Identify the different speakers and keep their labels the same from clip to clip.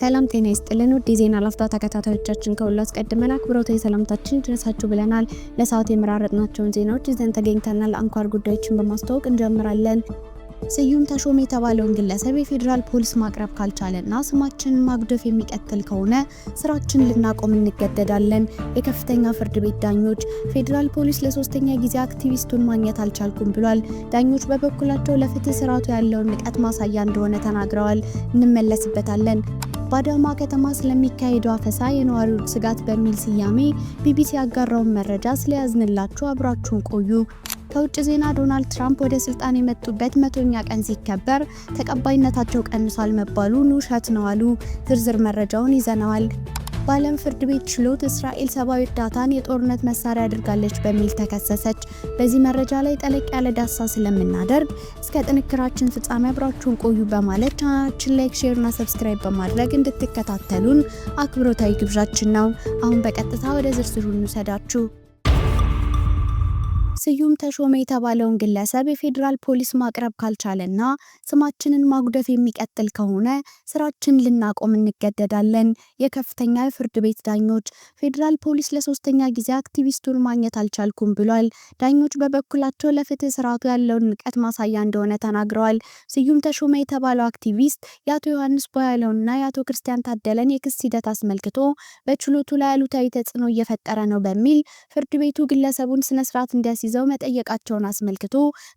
Speaker 1: ሰላም ጤና ይስጥልን ውድ የዜና ላፍታ ተከታታዮቻችን፣ ከሁሉ አስቀድመን አክብሮታዊ ሰላምታችን ድረሳችሁ ብለናል። ለሰዓት የመራረጥናቸውን ዜናዎች ይዘን ተገኝተናል። አንኳር ጉዳዮችን በማስተዋወቅ እንጀምራለን። ስዩም ተሾመ የተባለውን ግለሰብ የፌዴራል ፖሊስ ማቅረብ ካልቻለና ስማችንን ማጉደፍ የሚቀጥል ከሆነ ስራችን ልናቆም እንገደዳለን። የከፍተኛ ፍርድ ቤት ዳኞች ፌዴራል ፖሊስ ለሶስተኛ ጊዜ አክቲቪስቱን ማግኘት አልቻልኩም ብሏል። ዳኞች በበኩላቸው ለፍትህ ስርዓቱ ያለውን ንቀት ማሳያ እንደሆነ ተናግረዋል። እንመለስበታለን። በአዳማ ከተማ ስለሚካሄደው አፈሳ የነዋሪዎች ስጋት በሚል ስያሜ ቢቢሲ ያጋራውን መረጃ ስለያዝንላችሁ አብራችሁን ቆዩ። ከውጭ ዜና ዶናልድ ትራምፕ ወደ ስልጣን የመጡበት መቶኛ ቀን ሲከበር ተቀባይነታቸው ቀንሷል መባሉ ውሸት ነው አሉ። ዝርዝር መረጃውን ይዘነዋል። በዓለም ፍርድ ቤት ችሎት እስራኤል ሰብአዊ እርዳታን የጦርነት መሳሪያ አድርጋለች በሚል ተከሰሰች። በዚህ መረጃ ላይ ጠለቅ ያለ ዳሳ ስለምናደርግ እስከ ጥንክራችን ፍጻሜ አብራችሁን ቆዩ በማለት ቻናላችን ላይክ፣ ሼር እና ሰብስክራይብ በማድረግ እንድትከታተሉን አክብሮታዊ ግብዣችን ነው። አሁን በቀጥታ ወደ ዝርዝሩ እንውሰዳችሁ። ስዩም ተሾመ የተባለውን ግለሰብ የፌዴራል ፖሊስ ማቅረብ ካልቻለና ስማችንን ማጉደፍ የሚቀጥል ከሆነ ስራችን ልናቆም እንገደዳለን። የከፍተኛ የፍርድ ቤት ዳኞች ፌዴራል ፖሊስ ለሶስተኛ ጊዜ አክቲቪስቱን ማግኘት አልቻልኩም ብሏል። ዳኞች በበኩላቸው ለፍትህ ስርዓቱ ያለውን ንቀት ማሳያ እንደሆነ ተናግረዋል። ስዩም ተሾመ የተባለው አክቲቪስት የአቶ ዮሐንስ ቦያለውንና የአቶ ክርስቲያን ታደለን የክስ ሂደት አስመልክቶ በችሎቱ ላይ አሉታዊ ተጽዕኖ እየፈጠረ ነው በሚል ፍርድ ቤቱ ግለሰቡን ስነስርዓት እንዲያስይዘው ይዘው መጠየቃቸውን አስመልክቶ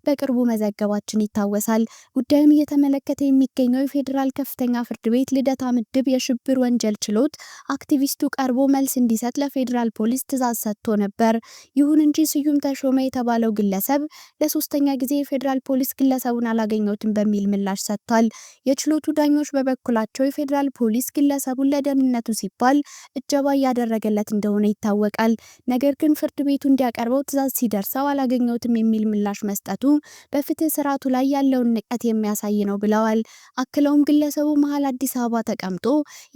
Speaker 1: በቅርቡ መዘገባችን ይታወሳል። ጉዳዩን እየተመለከተ የሚገኘው የፌዴራል ከፍተኛ ፍርድ ቤት ልደታ ምድብ የሽብር ወንጀል ችሎት አክቲቪስቱ ቀርቦ መልስ እንዲሰጥ ለፌዴራል ፖሊስ ትዕዛዝ ሰጥቶ ነበር። ይሁን እንጂ ስዩም ተሾመ የተባለው ግለሰብ ለሶስተኛ ጊዜ የፌዴራል ፖሊስ ግለሰቡን አላገኘትም በሚል ምላሽ ሰጥቷል። የችሎቱ ዳኞች በበኩላቸው የፌዴራል ፖሊስ ግለሰቡን ለደህንነቱ ሲባል እጀባ እያደረገለት እንደሆነ ይታወቃል። ነገር ግን ፍርድ ቤቱ እንዲያቀርበው ትዕዛዝ ሲደርሰው ሰው አላገኘሁትም የሚል ምላሽ መስጠቱ በፍትህ ስርዓቱ ላይ ያለውን ንቀት የሚያሳይ ነው ብለዋል። አክለውም ግለሰቡ መሀል አዲስ አበባ ተቀምጦ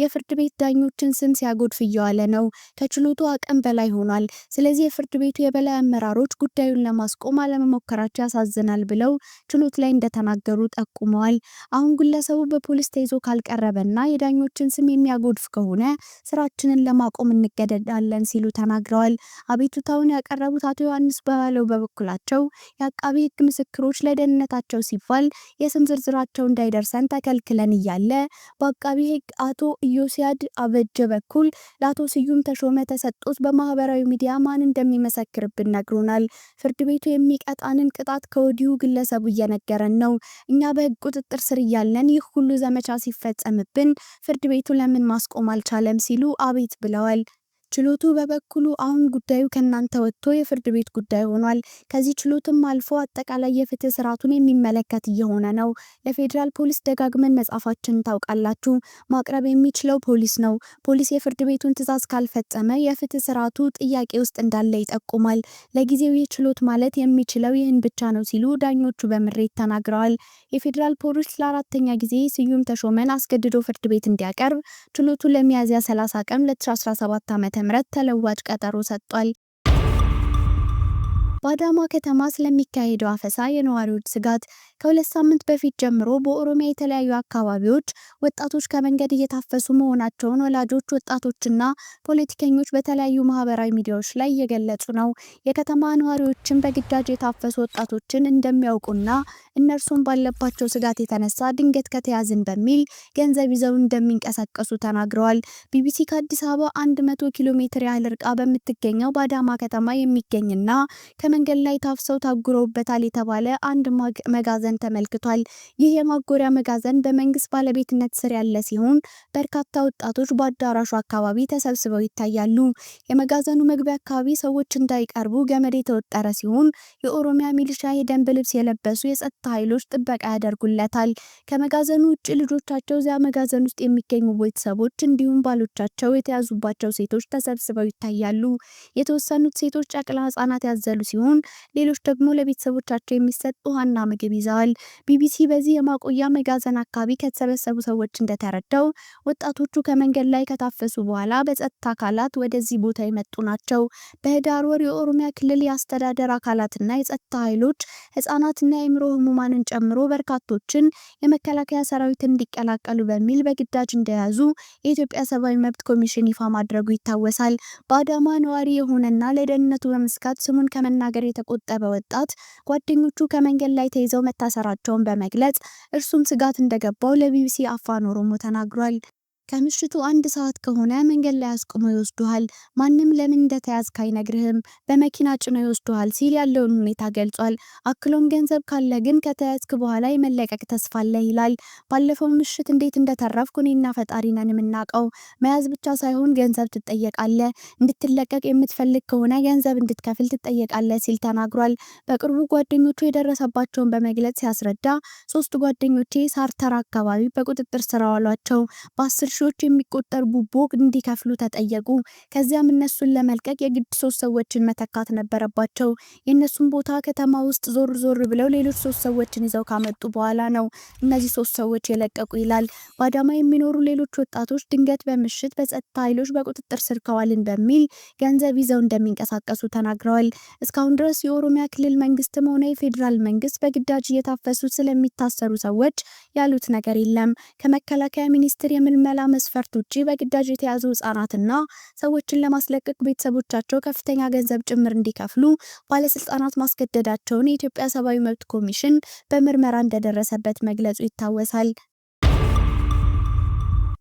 Speaker 1: የፍርድ ቤት ዳኞችን ስም ሲያጎድፍ እየዋለ ነው። ከችሎቱ አቅም በላይ ሆኗል። ስለዚህ የፍርድ ቤቱ የበላይ አመራሮች ጉዳዩን ለማስቆም አለመሞከራቸው ያሳዝናል ብለው ችሎት ላይ እንደተናገሩ ጠቁመዋል። አሁን ግለሰቡ በፖሊስ ተይዞ ካልቀረበና የዳኞችን ስም የሚያጎድፍ ከሆነ ስራችንን ለማቆም እንገደዳለን ሲሉ ተናግረዋል። አቤቱታውን ያቀረቡት አቶ ዮሐንስ አያሌው በበኩላቸው የአቃቢ ህግ ምስክሮች ለደህንነታቸው ሲባል የስም ዝርዝራቸው እንዳይደርሰን ተከልክለን እያለ በአቃቢ ህግ አቶ ኢዮስያድ አበጀ በኩል ለአቶ ስዩም ተሾመ ተሰጡት በማህበራዊ ሚዲያ ማን እንደሚመሰክርብን ነግሮናል። ፍርድ ቤቱ የሚቀጣንን ቅጣት ከወዲሁ ግለሰቡ እየነገረን ነው። እኛ በህግ ቁጥጥር ስር እያለን ይህ ሁሉ ዘመቻ ሲፈጸምብን ፍርድ ቤቱ ለምን ማስቆም አልቻለም ሲሉ አቤት ብለዋል። ችሎቱ በበኩሉ አሁን ጉዳዩ ከእናንተ ወጥቶ የፍርድ ቤት ጉዳይ ሆኗል። ከዚህ ችሎትም አልፎ አጠቃላይ የፍትህ ስርዓቱን የሚመለከት እየሆነ ነው። ለፌዴራል ፖሊስ ደጋግመን መጻፋችን ታውቃላችሁ። ማቅረብ የሚችለው ፖሊስ ነው። ፖሊስ የፍርድ ቤቱን ትዕዛዝ ካልፈጸመ የፍትህ ስርዓቱ ጥያቄ ውስጥ እንዳለ ይጠቁማል። ለጊዜው ይህ ችሎት ማለት የሚችለው ይህን ብቻ ነው ሲሉ ዳኞቹ በምሬት ተናግረዋል። የፌዴራል ፖሊስ ለአራተኛ ጊዜ ስዩም ተሾመን አስገድዶ ፍርድ ቤት እንዲያቀርብ ችሎቱ ለሚያዝያ 30 ቀን 2017 ዓ ም ተለዋጭ ቀጠሮ ሰጥቷል። በአዳማ ከተማ ስለሚካሄደው አፈሳ የነዋሪዎች ስጋት ከሁለት ሳምንት በፊት ጀምሮ በኦሮሚያ የተለያዩ አካባቢዎች ወጣቶች ከመንገድ እየታፈሱ መሆናቸውን ወላጆች፣ ወጣቶችና ፖለቲከኞች በተለያዩ ማህበራዊ ሚዲያዎች ላይ እየገለጹ ነው። የከተማ ነዋሪዎችን በግዳጅ የታፈሱ ወጣቶችን እንደሚያውቁና እነርሱም ባለባቸው ስጋት የተነሳ ድንገት ከተያዝን በሚል ገንዘብ ይዘው እንደሚንቀሳቀሱ ተናግረዋል። ቢቢሲ ከአዲስ አበባ 100 ኪሎ ሜትር ያህል ርቃ በምትገኘው በአዳማ ከተማ የሚገኝና በመንገድ ላይ ታፍሰው ታጉረውበታል የተባለ አንድ መጋዘን ተመልክቷል። ይህ የማጎሪያ መጋዘን በመንግስት ባለቤትነት ስር ያለ ሲሆን በርካታ ወጣቶች በአዳራሹ አካባቢ ተሰብስበው ይታያሉ። የመጋዘኑ መግቢያ አካባቢ ሰዎች እንዳይቀርቡ ገመድ የተወጠረ ሲሆን የኦሮሚያ ሚሊሻ የደንብ ልብስ የለበሱ የጸጥታ ኃይሎች ጥበቃ ያደርጉለታል። ከመጋዘኑ ውጭ ልጆቻቸው እዚያ መጋዘን ውስጥ የሚገኙ ቤተሰቦች እንዲሁም ባሎቻቸው የተያዙባቸው ሴቶች ተሰብስበው ይታያሉ። የተወሰኑት ሴቶች ጨቅላ ህጻናት ያዘሉ ሲሆን ሲሆን ሌሎች ደግሞ ለቤተሰቦቻቸው የሚሰጥ ውሃና ምግብ ይዘዋል። ቢቢሲ በዚህ የማቆያ መጋዘን አካባቢ ከተሰበሰቡ ሰዎች እንደተረዳው ወጣቶቹ ከመንገድ ላይ ከታፈሱ በኋላ በጸጥታ አካላት ወደዚህ ቦታ የመጡ ናቸው። በህዳር ወር የኦሮሚያ ክልል የአስተዳደር አካላትና የጸጥታ ኃይሎች ህጻናትና የአእምሮ ህሙማንን ጨምሮ በርካቶችን የመከላከያ ሰራዊት እንዲቀላቀሉ በሚል በግዳጅ እንደያዙ የኢትዮጵያ ሰብአዊ መብት ኮሚሽን ይፋ ማድረጉ ይታወሳል። በአዳማ ነዋሪ የሆነና ለደህንነቱ በመስጋት ስሙን ከመና ሀገር የተቆጠበ ወጣት ጓደኞቹ ከመንገድ ላይ ተይዘው መታሰራቸውን በመግለጽ እርሱም ስጋት እንደገባው ለቢቢሲ አፋን ኦሮሞ ተናግሯል። ከምሽቱ አንድ ሰዓት ከሆነ መንገድ ላይ አስቁሞ ይወስዱሃል። ማንም ለምን እንደተያዝክ አይነግርህም። በመኪና ጭኖ ይወስዱሃል ሲል ያለውን ሁኔታ ገልጿል። አክሎም ገንዘብ ካለ ግን ከተያዝክ በኋላ የመለቀቅ ተስፋ አለ ይላል። ባለፈው ምሽት እንዴት እንደተረፍኩ እኔና ፈጣሪ ነን የምናውቀው። መያዝ ብቻ ሳይሆን ገንዘብ ትጠየቃለ እንድትለቀቅ የምትፈልግ ከሆነ ገንዘብ እንድትከፍል ትጠየቃለ ሲል ተናግሯል። በቅርቡ ጓደኞቹ የደረሰባቸውን በመግለጽ ሲያስረዳ ሶስት ጓደኞቼ ሳርተር አካባቢ በቁጥጥር ስር አዋሏቸው በአስር ሺዎች የሚቆጠሩ ቡቦ እንዲከፍሉ ተጠየቁ። ከዚያም እነሱን ለመልቀቅ የግድ ሶስት ሰዎችን መተካት ነበረባቸው። የእነሱን ቦታ ከተማ ውስጥ ዞር ዞር ብለው ሌሎች ሶስት ሰዎችን ይዘው ካመጡ በኋላ ነው እነዚህ ሶስት ሰዎች የለቀቁ ይላል። በአዳማ የሚኖሩ ሌሎች ወጣቶች ድንገት በምሽት በጸጥታ ኃይሎች በቁጥጥር ስር ከዋልን በሚል ገንዘብ ይዘው እንደሚንቀሳቀሱ ተናግረዋል። እስካሁን ድረስ የኦሮሚያ ክልል መንግስትም ሆነ የፌዴራል መንግስት በግዳጅ እየታፈሱ ስለሚታሰሩ ሰዎች ያሉት ነገር የለም። ከመከላከያ ሚኒስቴር የምልመላ መስፈርት ውጪ በግዳጅ የተያዙ ህጻናትና ሰዎችን ለማስለቀቅ ቤተሰቦቻቸው ከፍተኛ ገንዘብ ጭምር እንዲከፍሉ ባለስልጣናት ማስገደዳቸውን የኢትዮጵያ ሰብአዊ መብት ኮሚሽን በምርመራ እንደደረሰበት መግለጹ ይታወሳል።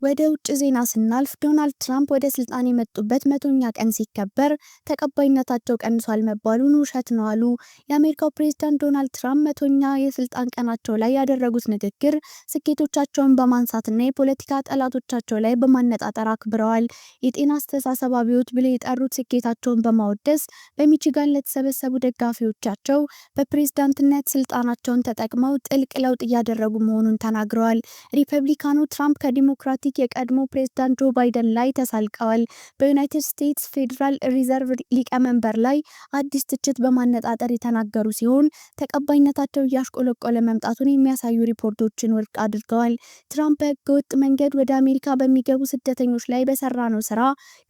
Speaker 1: ወደ ውጭ ዜና ስናልፍ ዶናልድ ትራምፕ ወደ ስልጣን የመጡበት መቶኛ ቀን ሲከበር ተቀባይነታቸው ቀንሷል መባሉን ውሸት ነው አሉ። የአሜሪካው ፕሬዚዳንት ዶናልድ ትራምፕ መቶኛ የስልጣን ቀናቸው ላይ ያደረጉት ንግግር ስኬቶቻቸውን በማንሳትና የፖለቲካ ጠላቶቻቸው ላይ በማነጣጠር አክብረዋል። የጤና አስተሳሰብ አብዮት ብለው የጠሩት ስኬታቸውን በማወደስ በሚችጋን ለተሰበሰቡ ደጋፊዎቻቸው በፕሬዝዳንትነት ስልጣናቸውን ተጠቅመው ጥልቅ ለውጥ እያደረጉ መሆኑን ተናግረዋል። ሪፐብሊካኑ ትራምፕ ከዲሞክራቲክ ታሪክ የቀድሞ ፕሬዝዳንት ጆ ባይደን ላይ ተሳልቀዋል። በዩናይትድ ስቴትስ ፌዴራል ሪዘርቭ ሊቀመንበር ላይ አዲስ ትችት በማነጣጠር የተናገሩ ሲሆን ተቀባይነታቸው እያሽቆለቆለ መምጣቱን የሚያሳዩ ሪፖርቶችን ውድቅ አድርገዋል። ትራምፕ በህገወጥ መንገድ ወደ አሜሪካ በሚገቡ ስደተኞች ላይ በሰራ ነው ስራ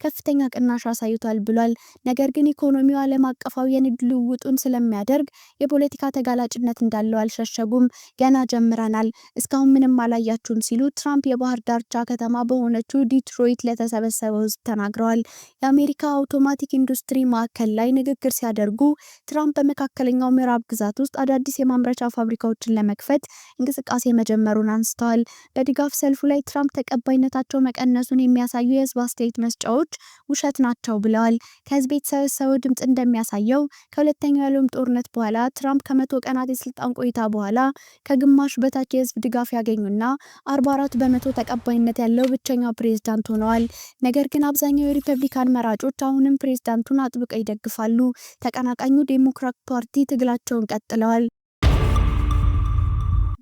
Speaker 1: ከፍተኛ ቅናሽ አሳይቷል ብሏል። ነገር ግን ኢኮኖሚው ዓለም አቀፋዊ የንግድ ልውውጡን ስለሚያደርግ የፖለቲካ ተጋላጭነት እንዳለው አልሸሸጉም። ገና ጀምረናል፣ እስካሁን ምንም አላያችሁም ሲሉ ትራምፕ የባህር ዳርቻ ከተማ በሆነችው ዲትሮይት ለተሰበሰበው ህዝብ ተናግረዋል። የአሜሪካ አውቶማቲክ ኢንዱስትሪ ማዕከል ላይ ንግግር ሲያደርጉ ትራምፕ በመካከለኛው ምዕራብ ግዛት ውስጥ አዳዲስ የማምረቻ ፋብሪካዎችን ለመክፈት እንቅስቃሴ መጀመሩን አንስተዋል። በድጋፍ ሰልፉ ላይ ትራምፕ ተቀባይነታቸው መቀነሱን የሚያሳዩ የህዝብ አስተያየት መስጫዎች ውሸት ናቸው ብለዋል። ከህዝብ የተሰበሰበው ድምፅ እንደሚያሳየው ከሁለተኛው የዓለም ጦርነት በኋላ ትራምፕ ከመቶ ቀናት የስልጣን ቆይታ በኋላ ከግማሽ በታች የህዝብ ድጋፍ ያገኙና 44 በመቶ ተቀባይነት ተቀባይነት ያለው ብቸኛው ፕሬዝዳንት ሆነዋል። ነገር ግን አብዛኛው የሪፐብሊካን መራጮች አሁንም ፕሬዝዳንቱን አጥብቀው ይደግፋሉ። ተቀናቃኙ ዴሞክራት ፓርቲ ትግላቸውን ቀጥለዋል።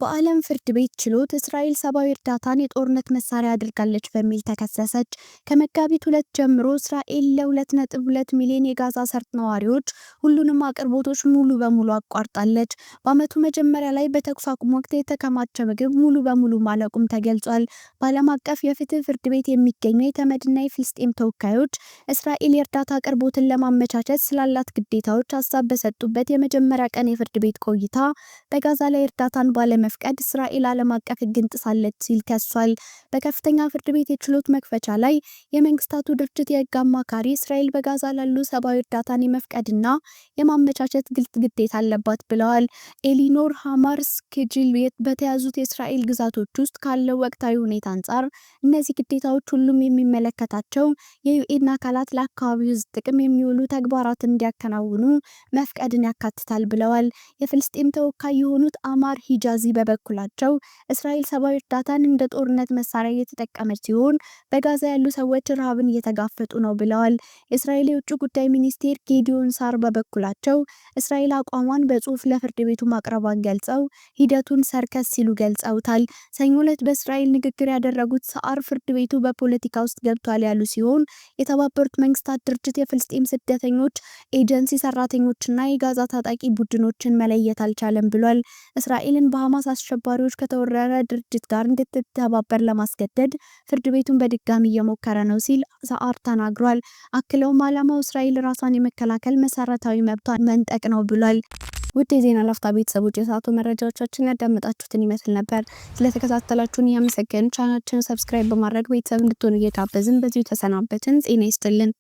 Speaker 1: በዓለም ፍርድ ቤት ችሎት እስራኤል ሰብአዊ እርዳታን የጦርነት መሳሪያ አድርጋለች በሚል ተከሰሰች። ከመጋቢት ሁለት ጀምሮ እስራኤል ለ2.2 ሚሊዮን የጋዛ ሰርጥ ነዋሪዎች ሁሉንም አቅርቦቶች ሙሉ በሙሉ አቋርጣለች። በዓመቱ መጀመሪያ ላይ በተኩስ አቁም ወቅት የተከማቸ ምግብ ሙሉ በሙሉ ማለቁም ተገልጿል። በዓለም አቀፍ የፍትህ ፍርድ ቤት የሚገኙ የተመድና የፊልስጤም ተወካዮች እስራኤል የእርዳታ አቅርቦትን ለማመቻቸት ስላላት ግዴታዎች ሀሳብ በሰጡበት የመጀመሪያ ቀን የፍርድ ቤት ቆይታ በጋዛ ላይ እርዳታን ባለመ በመፍቀድ እስራኤል ዓለም አቀፍ ሕግን ጥሳለች ሲል ከሷል። በከፍተኛ ፍርድ ቤት የችሎት መክፈቻ ላይ የመንግስታቱ ድርጅት የህግ አማካሪ እስራኤል በጋዛ ላሉ ሰብአዊ እርዳታን የመፍቀድና የማመቻቸት ግልጽ ግዴታ አለባት ብለዋል። ኤሊኖር ሃማርስ ክጅል በተያዙት የእስራኤል ግዛቶች ውስጥ ካለው ወቅታዊ ሁኔታ አንጻር እነዚህ ግዴታዎች ሁሉም የሚመለከታቸው የዩኤን አካላት ለአካባቢው ህዝብ ጥቅም የሚውሉ ተግባራት እንዲያከናውኑ መፍቀድን ያካትታል ብለዋል። የፍልስጤም ተወካይ የሆኑት አማር ሂጃዚ በበኩላቸው እስራኤል ሰብአዊ እርዳታን እንደ ጦርነት መሳሪያ እየተጠቀመች ሲሆን በጋዛ ያሉ ሰዎች ረሃብን እየተጋፈጡ ነው ብለዋል። የእስራኤል የውጭ ጉዳይ ሚኒስቴር ጌዲዮን ሳር በበኩላቸው እስራኤል አቋሟን በጽሁፍ ለፍርድ ቤቱ ማቅረቧን ገልጸው ሂደቱን ሰርከስ ሲሉ ገልጸውታል። ሰኞ ዕለት በእስራኤል ንግግር ያደረጉት ሰአር ፍርድ ቤቱ በፖለቲካ ውስጥ ገብቷል ያሉ ሲሆን የተባበሩት መንግስታት ድርጅት የፍልስጤም ስደተኞች ኤጀንሲ ሰራተኞችና የጋዛ ታጣቂ ቡድኖችን መለየት አልቻለም ብሏል። እስራኤልን በሐማስ አሸባሪዎች ከተወረረ ድርጅት ጋር እንድትተባበር ለማስገደድ ፍርድ ቤቱን በድጋሚ እየሞከረ ነው ሲል ሰዓር ተናግሯል። አክለውም ዓላማው እስራኤል ራሷን የመከላከል መሰረታዊ መብቷን መንጠቅ ነው ብሏል። ውድ የዜና ላፍታ ቤተሰቦች የሰዓቱ መረጃዎቻችን ያዳመጣችሁትን ይመስል ነበር። ስለተከታተላችሁን እያመሰገን ቻናችን ሰብስክራይብ በማድረግ ቤተሰብ እንድትሆኑ እየታበዝን በዚሁ ተሰናበትን። ጤና ይስጥልን።